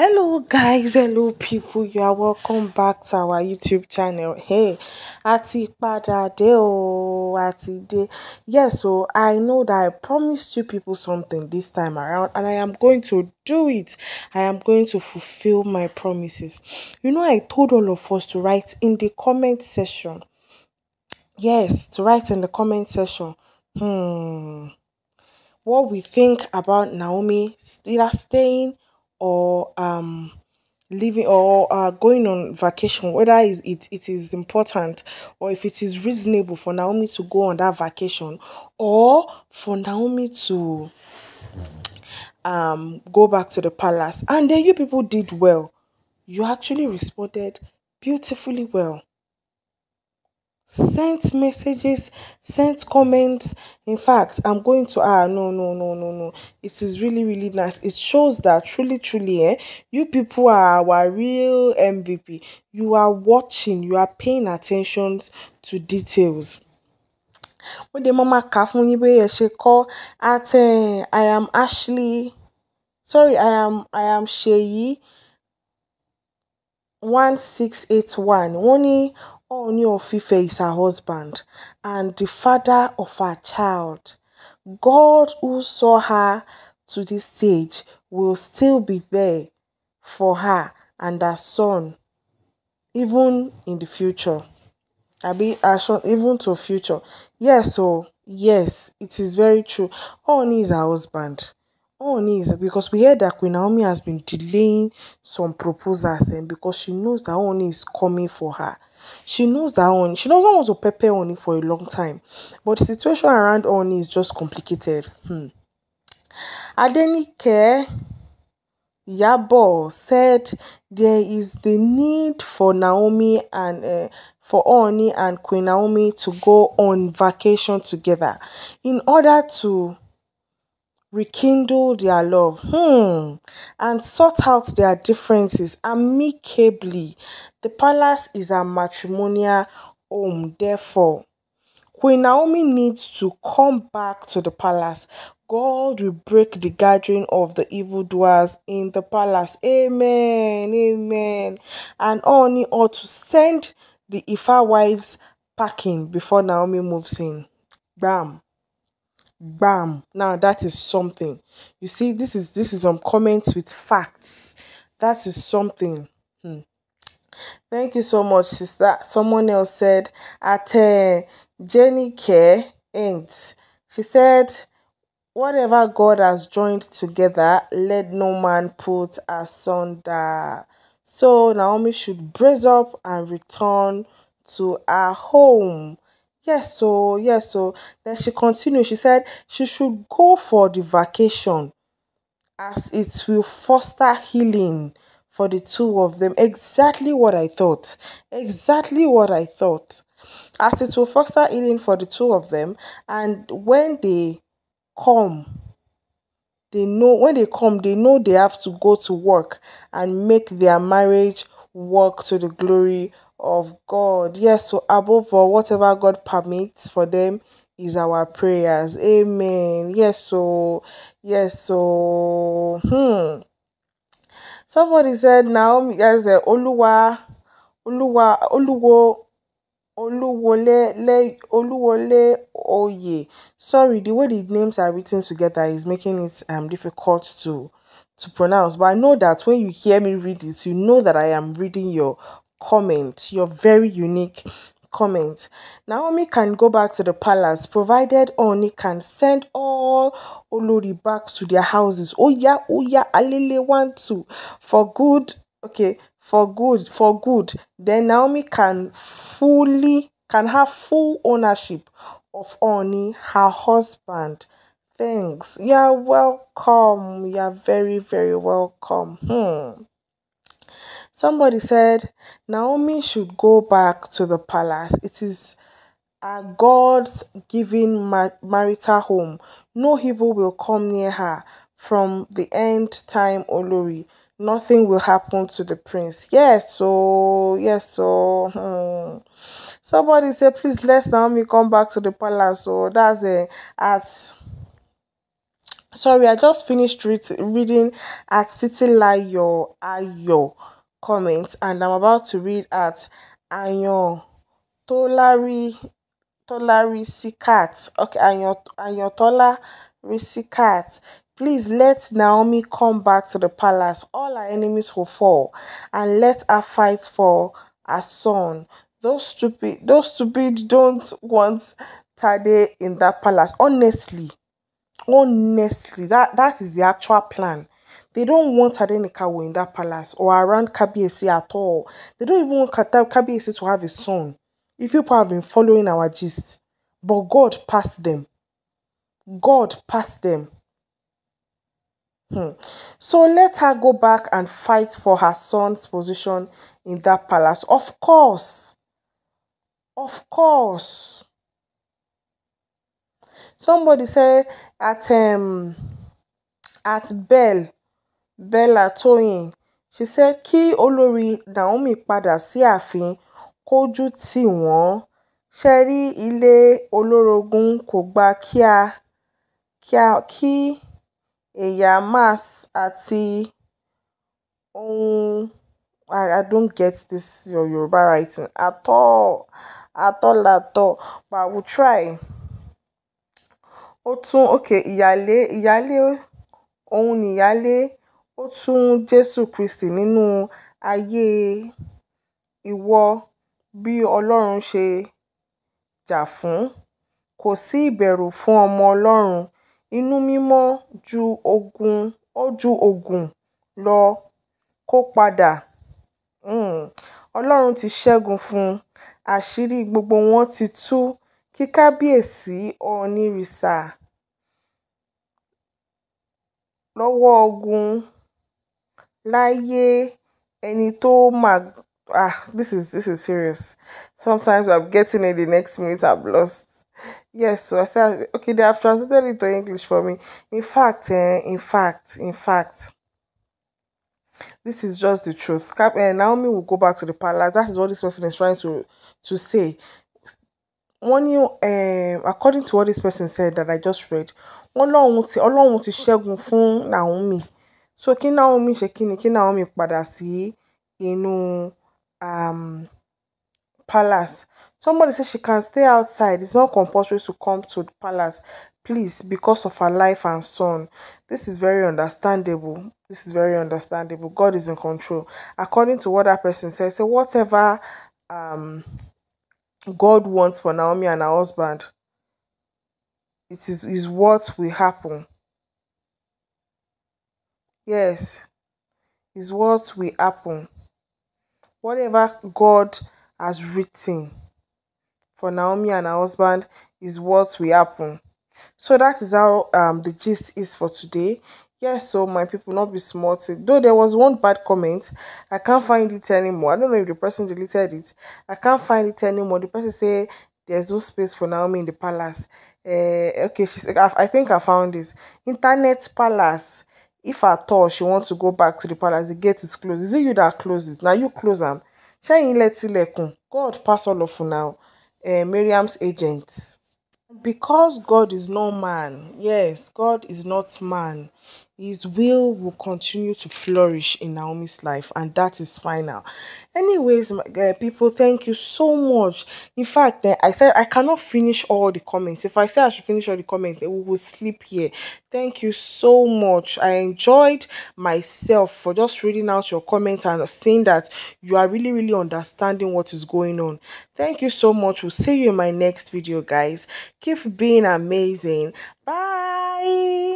hello guys hello people you are welcome back to our youtube channel hey ati padà dé o ati dé yes so i know that i promised you people something this time around and i am going to do it i am going to fulfill my promises you know i told all of us to write in the comment section yes to write in the comment section hmm what we think about naomi either staying or um living or uh, going on vacation, whether it, it, it is important or if it is reasonable for Naomi to go on that vacation or for Naomi to um go back to the palace. And then you people did well. You actually responded beautifully well. sent messages, sent comments. In fact, I'm going to ah no no no no no. It is really really nice. It shows that truly truly eh, you people are our real MVP. You are watching. You are paying attention to details. When the mama ka fun yin be se I am Ashley sorry I am I am Sheyi 1681 wọ́n ní Oni of Ife is her husband and the father of her child. God who saw her to this stage will still be there for her and her son even in the future. I be action even to future. Yes, oh so yes, it is very true. Oni is her husband. on is because we heard that Queen Naomi has been delaying some proposals and because she knows that on is coming for her. She knows that on she doesn't want to prepare on it for a long time, but the situation around on is just complicated. Hmm. Adenike Yabo said there is the need for Naomi and uh, for Oni and Queen Naomi to go on vacation together in order to rekindle their love hmm, and sort out their differences amicably. The palace is a matrimonial home therefore. Queen Naomi needs to come back to the palace. God will break the gathering of the evildoers in the palace. Amen. Amen. And only ought to send the Ifa wives packing before Naomi moves in. Bam. bam now that is something you see this is this is some comments with facts that is something hmm. thank you so much sister someone else said at uh, jenny care end she said whatever god has joined together let no man put asunder so naomi should brace up and return to her home Yes, so, yes, so. Then she continued, she said she should go for the vacation as it will foster healing for the two of them. Exactly what I thought. Exactly what I thought. As it will foster healing for the two of them, and when they come, they know when they come, they know they have to go to work and make their marriage work to the glory of God. Yes, so above all, whatever God permits for them is our prayers. Amen. Yes, so yes, so hmm. Somebody said Naomi yes uh, Oluwa Oluwa Oluwo Oluwole le Oluwole Oye. Sorry, the way the names are written together is making it um difficult to to pronounce. But I know that when you hear me read it, you know that I am reading your comment, your very unique comment. Naomi can go back to the palace provided Oni can send all Olori back to their houses. Oh yeah, oh yeah, want to for good. Okay, for good, for good. Then Naomi can fully can have full ownership of Oni, her husband. Thanks. You're welcome. You're very, very welcome. Hmm. Somebody said, Naomi should go back to the palace. It is a God's giving mar- marital home. No evil will come near her. From the end time, Olori, nothing will happen to the prince. Yes, so, yes, so. Hmm. Somebody said, please let Naomi come back to the palace. So that's a, at sorry, I just finished read- reading at City Titilayo Ayo comment and I'm about to read at Ayan Tolari Tolari Sikat. Okay, Ayan Ayan Tola Risikat. Please let Naomi come back to the palace. All our enemies will fall and let her fight for her son. Those stupid those stupid don't want Tade in that palace. Honestly, honestly that that is the actual plan they don't want Adenikawo in that palace or around Kabiesi at all. They don't even want Kabiesi to have a son. If people have been following our gist, but God passed them. God passed them. Hmm. So let her go back and fight for her son's position in that palace. Of course. Of course. somebody said at um at bell bella thoyin she said kí olórí naomi padà sí ààfin kọjú tí wọn ṣe rí ilé olórogún kia kia ki ẹyà mass ati ohun I, I don't get this your Yoruba writing at all, at all, at all. But I will try ó tún okay ìyálé ìyálé òun ni ìyálé ó tún Jésù Kristi nínú ayé ìwọ bí Ọlọ́run ṣe jà fún. Kò sí ìbẹ̀rù fún ọmọ Ọlọ́run. Inú mímọ́ ju ogun ó ju ògùn lọ kó padà. Hmm. Ọlọ́run ti ṣẹ́gun fún un. Àṣírí gbogbo wọn ti tú kí kábíyèsí onírìṣà lọ́wọ́ ogun láyé ẹni tó máa. Ah, this is this is serious. Sometimes I'm getting it the next minute I'm lost. Yes, so I said okay, they have translated it to English for me. In fact, eh, in fact, in fact. This is just the truth. Cap- uh, eh, Naomi will go back to the palace. That is what this person is trying to to say. When you um according to what this person said that I just read wọ́n lọ́hùn ti ọlọ́hun fún Naomi so kí Naomi ṣe kí Naomi padà inú um, palace somebody says she can stay outside it's not compulsory to come to the palace please because of her life and son this is very understandable this is very understandable god is in control according to what that person said say whatever um God wants for Naomi and her husband. It is, is what will happen. Yes, is what will happen. Whatever God has written for Naomi and her husband is what will happen. So that is how um, the gist is for today yes so my people not be smart. though there was one bad comment i can't find it anymore i don't know if the person deleted it i can't find it anymore the person say there's no space for naomi in the palace uh, okay she's I, I think i found this internet palace if at all she wants to go back to the palace the gate is closed is it you that close it now you close am ṣẹyìn ilẹ tilẹkùn god pass all of now. uh, eh, mariam's agent because god is no man yes god is not man His will will continue to flourish in Naomi's life, and that is final. Anyways, my, uh, people, thank you so much. In fact, uh, I said I cannot finish all the comments. If I say I should finish all the comments, we will sleep here. Thank you so much. I enjoyed myself for just reading out your comments and seeing that you are really, really understanding what is going on. Thank you so much. We'll see you in my next video, guys. Keep being amazing. Bye.